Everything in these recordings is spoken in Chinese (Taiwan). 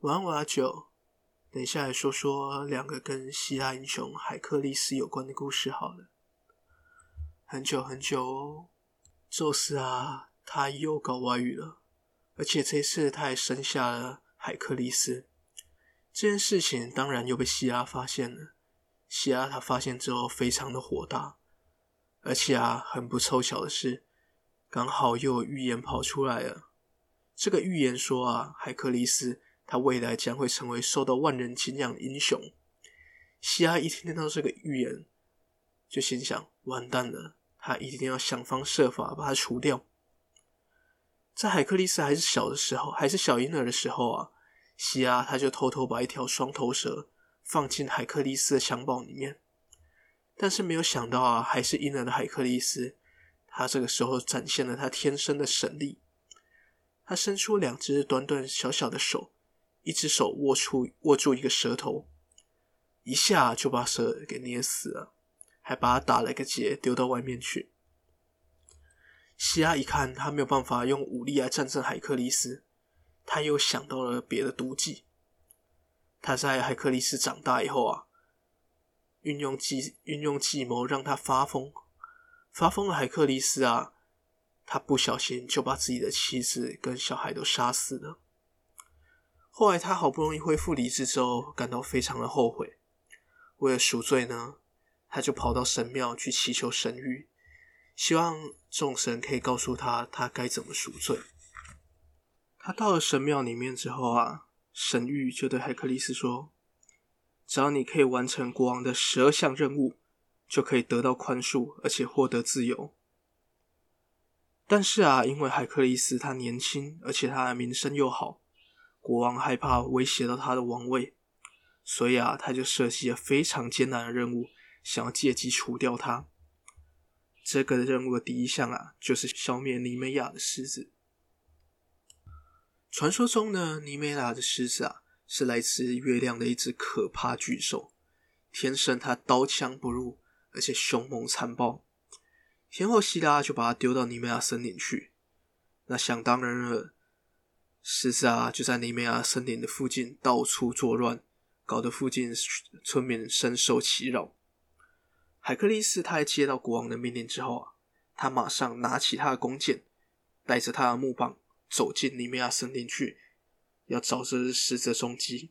晚安，我阿九，等一下來說說兩個跟希臘英雄海克力斯有關的故事好了。很久很久哦，宙斯啊，他又搞外遇了，而且這次他還生下了海克力斯。這件事情當然又被希拉發現了，希拉他發現之後非常的火大，而且啊，很不湊巧的是，剛好又有預言跑出來了。這個預言說啊，海克力斯。他未來將會成為受到萬人敬仰的英雄。西亞一聽到這個預言，就心想：完蛋了！他一定要想方設法把他除掉。在海克力斯還是小的時候，還是小嬰兒的時候啊，西亞他就偷偷把一條雙頭蛇放進海克力斯的襁褓裡面。但是沒有想到啊，還是嬰兒的海克力斯，他這個時候展現了他天生的神力，他伸出兩隻短短小小的手。一隻手握住握住一個蛇頭，一下就把蛇給捏死了，還把它打了一個結，丟到外面去。西亞一看，他沒有辦法用武力來戰勝海克力斯，他又想到了別的毒計。他在海克力斯長大以後啊，運用計運用計謀讓他發瘋。發瘋的海克力斯啊，他不小心就把自己的妻子跟小孩都殺死了。後來他好不容易恢復理智之後，感到非常的後悔。為了贖罪呢，他就跑到神廟去祈求神諭，希望眾神可以告訴他他該怎麼贖罪。他到了神廟裡面之後啊，神諭就對海克力斯說：“只要你可以完成國王的十二項任務，就可以得到寬恕，而且獲得自由。”但是啊，因為海克力斯他年輕，而且他的名聲又好。國王害怕威脅到他的王位，所以啊，他就設計了非常艱難的任務，想要借機除掉他。這個任務的第一項啊，就是消滅尼美亞的獅子。傳說中呢，尼美亞的獅子啊，是來自月亮的一隻可怕巨獸，天生它刀槍不入，而且凶猛殘暴。天後希拉就把它丟到尼美亞森林去，那想當然了。獅子啊，就在尼美亞森林的附近到處作亂，搞得附近村民深受其擾。海克力斯他接到國王的命令之後啊，他馬上拿起他的弓箭，帶着他的木棒走進尼美亞森林去，要找這隻獅子的蹤跡。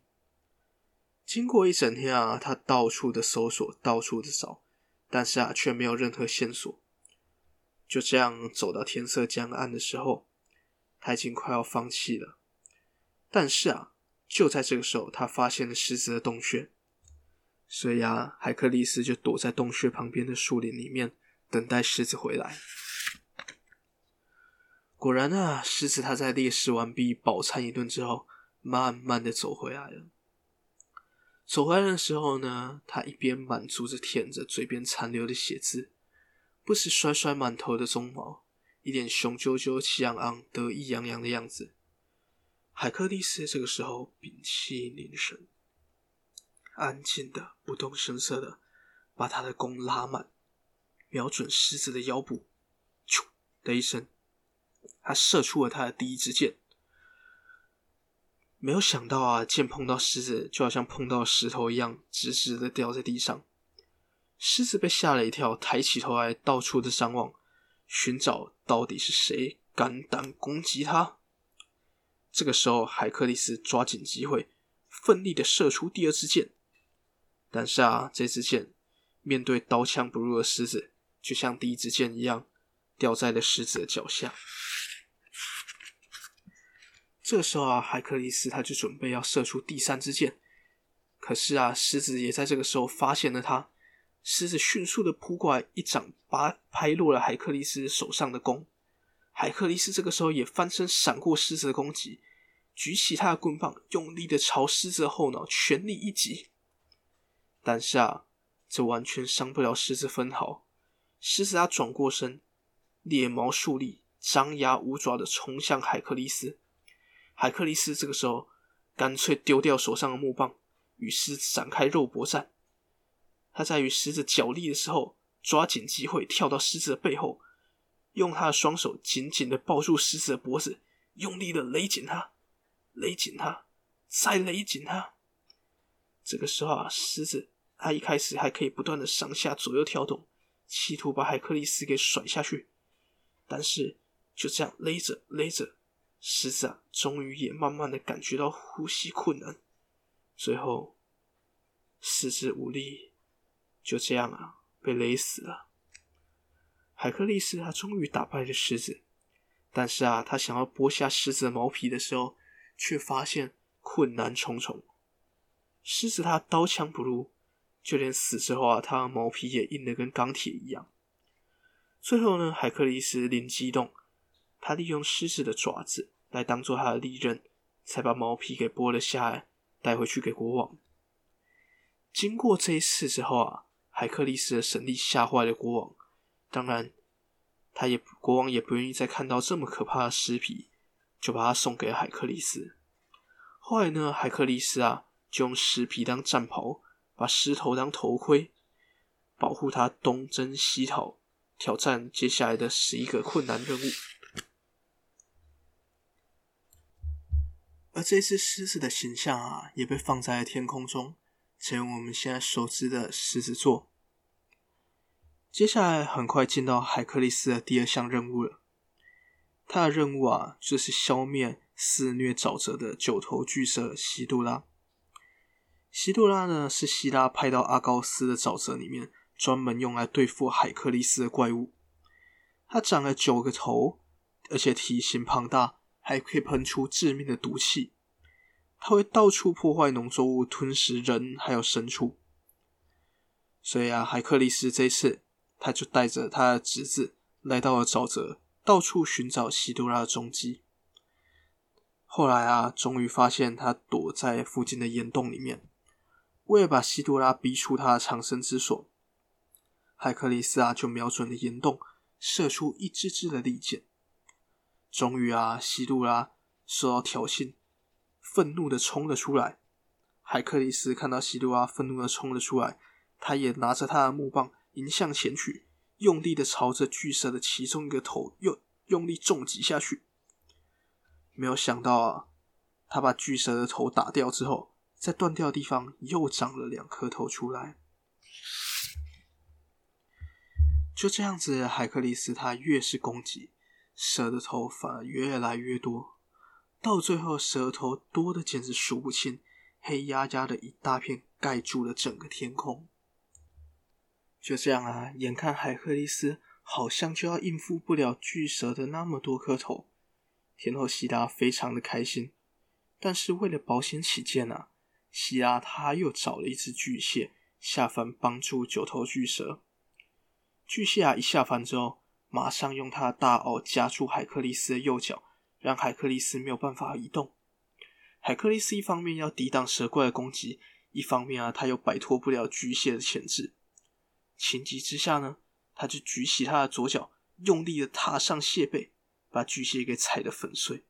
經過一整天啊，他到處的搜索，到處的找，但是啊，卻沒有任何線索。就這樣走到天色將暗的時候。他已經快要放棄了，但是啊，就在這個時候，他發現了獅子的洞穴。所以啊，海克力斯就躲在洞穴旁邊的樹林裡面，等待獅子回來。果然啊，獅子他在獵食完畢、飽餐一頓之後，慢慢的走回來了。走回來的時候呢，他一邊滿足着舔着嘴邊殘留的血漬，不時甩甩滿頭的鬃毛。一臉雄赳赳、氣昂昂、得意洋洋的樣子。海克力斯這個時候屏氣凝神，安靜的、不動聲色的，把他的弓拉滿，瞄準獅子的腰部，咻的一聲，他射出了他的第一支箭。沒有想到啊，箭碰到獅子，就好像碰到石頭一樣，直直的掉在地上。獅子被嚇了一跳，抬起頭來，到處的張望、尋找。到底是誰敢膽攻擊他？這個時候，海克力斯抓緊機會，奮力的射出第二支箭。但是啊，這支箭面對刀槍不入的獅子，就像第一支箭一樣，掉在了獅子的腳下。這個時候啊，海克力斯他就準備要射出第三支箭。可是啊，獅子也在這個時候發現了他。獅子迅速的撲過來，一掌把拍落了海克力斯手上的弓。海克力斯這個時候也翻身閃過獅子的攻擊，舉起他的棍棒，用力的朝獅子的後腦全力一擊。但是啊，這完全傷不了獅子分毫。獅子他轉過身，獵毛豎立，張牙舞爪的衝向海克力斯。海克力斯這個時候乾脆丟掉手上的木棒，與獅子展開肉搏戰。他在與獅子角力的時候，抓緊機會跳到獅子的背後，用他的雙手緊緊地抱住獅子的脖子，用力地勒緊它，勒緊它，再勒緊它。這個時候啊，獅子它一開始還可以不斷地上下左右跳動，企圖把海克力斯給甩下去。但是就這樣勒着勒着，獅子啊，終於也慢慢的感覺到呼吸困難，最後四肢無力。就這樣啊，被勒死了。海克力斯他終於打敗了獅子，但是啊，他想要剝下獅子的毛皮的時候，卻發現困難重重。獅子他刀槍不入，就連死之後啊，他的毛皮也硬得跟鋼鐵一樣。最後呢，海克力斯靈機一動，他利用獅子的爪子來當做他的利刃，才把毛皮給剝了下來，帶回去給國王。經過這一次之後啊，海克力斯的神力嚇壞了國王，當然，他也國王也不願意再看到這麼可怕的獅皮，就把它送給了海克力斯。後來呢，海克力斯啊，就用獅皮當戰袍，把獅頭當頭盔，保護他東征西討，挑戰接下來的十一個困難任務。而這隻獅子的形象啊，也被放在了天空中。成為我們現在熟知的獅子座。接下來很快進到海克力斯的第二項任務了。他的任務啊，就是消滅肆虐沼澤的九頭巨蛇希杜拉。希杜拉呢，是希拉派到阿高斯的沼澤裡面，專門用來對付海克力斯的怪物。它長了九個頭，而且體型龐大，還可以噴出致命的毒氣。他會到處破壞農作物，吞食人、還有牲畜。所以啊，海克利斯這次他就帶着他的侄子，來到了沼澤，到處尋找希多拉的蹤跡。後來啊，終於發現他躲在附近的岩洞裡面。為了把希多拉逼出他的藏身之所，海克利斯啊就瞄準了岩洞，射出一支支的利箭。終於啊，希多拉受到挑釁，憤怒的衝了出來，海克里斯看到希魯阿憤怒的衝了出來，他也拿着他的木棒迎向前去，用力的朝着巨蛇的其中一個頭又用力重擊下去。沒有想到啊，他把巨蛇的頭打掉之後，在斷掉的地方又長了兩顆頭出來。就這樣子，海克里斯他越是攻擊，蛇的頭反而越來越多。到最後，蛇頭多的簡直數不清，黑壓壓的一大片蓋住了整個天空。就這樣啊，眼看海克力斯好像就要應付不了巨蛇的那麼多顆頭，天後希拉非常的開心。但是為了保險起見啊，希拉她又找了一隻巨蟹下凡幫助九頭巨蛇。巨蟹啊，一下凡之後，馬上用它的大螯夾住海克力斯的右腳。讓海克力斯沒有辦法移動。海克力斯一方面要抵擋蛇怪的攻擊，一方面啊他又擺脫不了巨蟹的鉗制。情急之下呢，他就舉起他的左腳，用力的踏上蟹背，把巨蟹給踩得粉碎。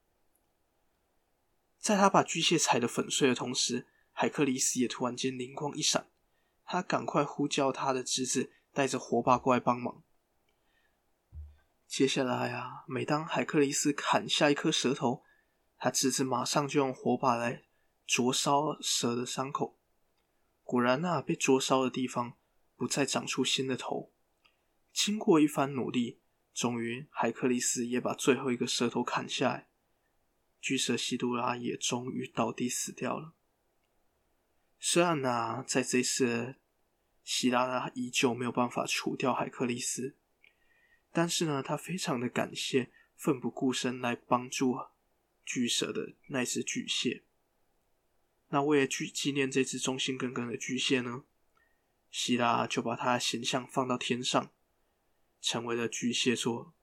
在他把巨蟹踩得粉碎的同時，海克力斯也突然間靈光一閃，他趕快呼叫他的侄子，帶着火把過來幫忙。接下來啊，每當海克力斯砍下一顆蛇頭，他直接馬上就用火把來灼燒蛇的傷口。果然那、啊、被灼燒的地方不再長出新的頭。經過一番努力，終於海克力斯也把最後一個蛇頭砍下來，巨蛇希杜拉也終於倒地死掉了。雖然呢、啊，在這一次，希拉拉依舊沒有辦法除掉海克力斯。但是呢，他非常的感謝奮不顧身來幫助巨蛇的那隻巨蟹。那為了去紀念這隻忠心耿耿的巨蟹呢，希拉就把它的形象放到天上，成為了巨蟹座。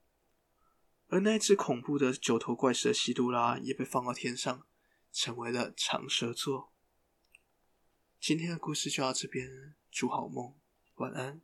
而那隻恐怖的九頭怪蛇希杜拉也被放到天上，成為了長蛇座。今天的故事就到這邊，祝好夢，晚安。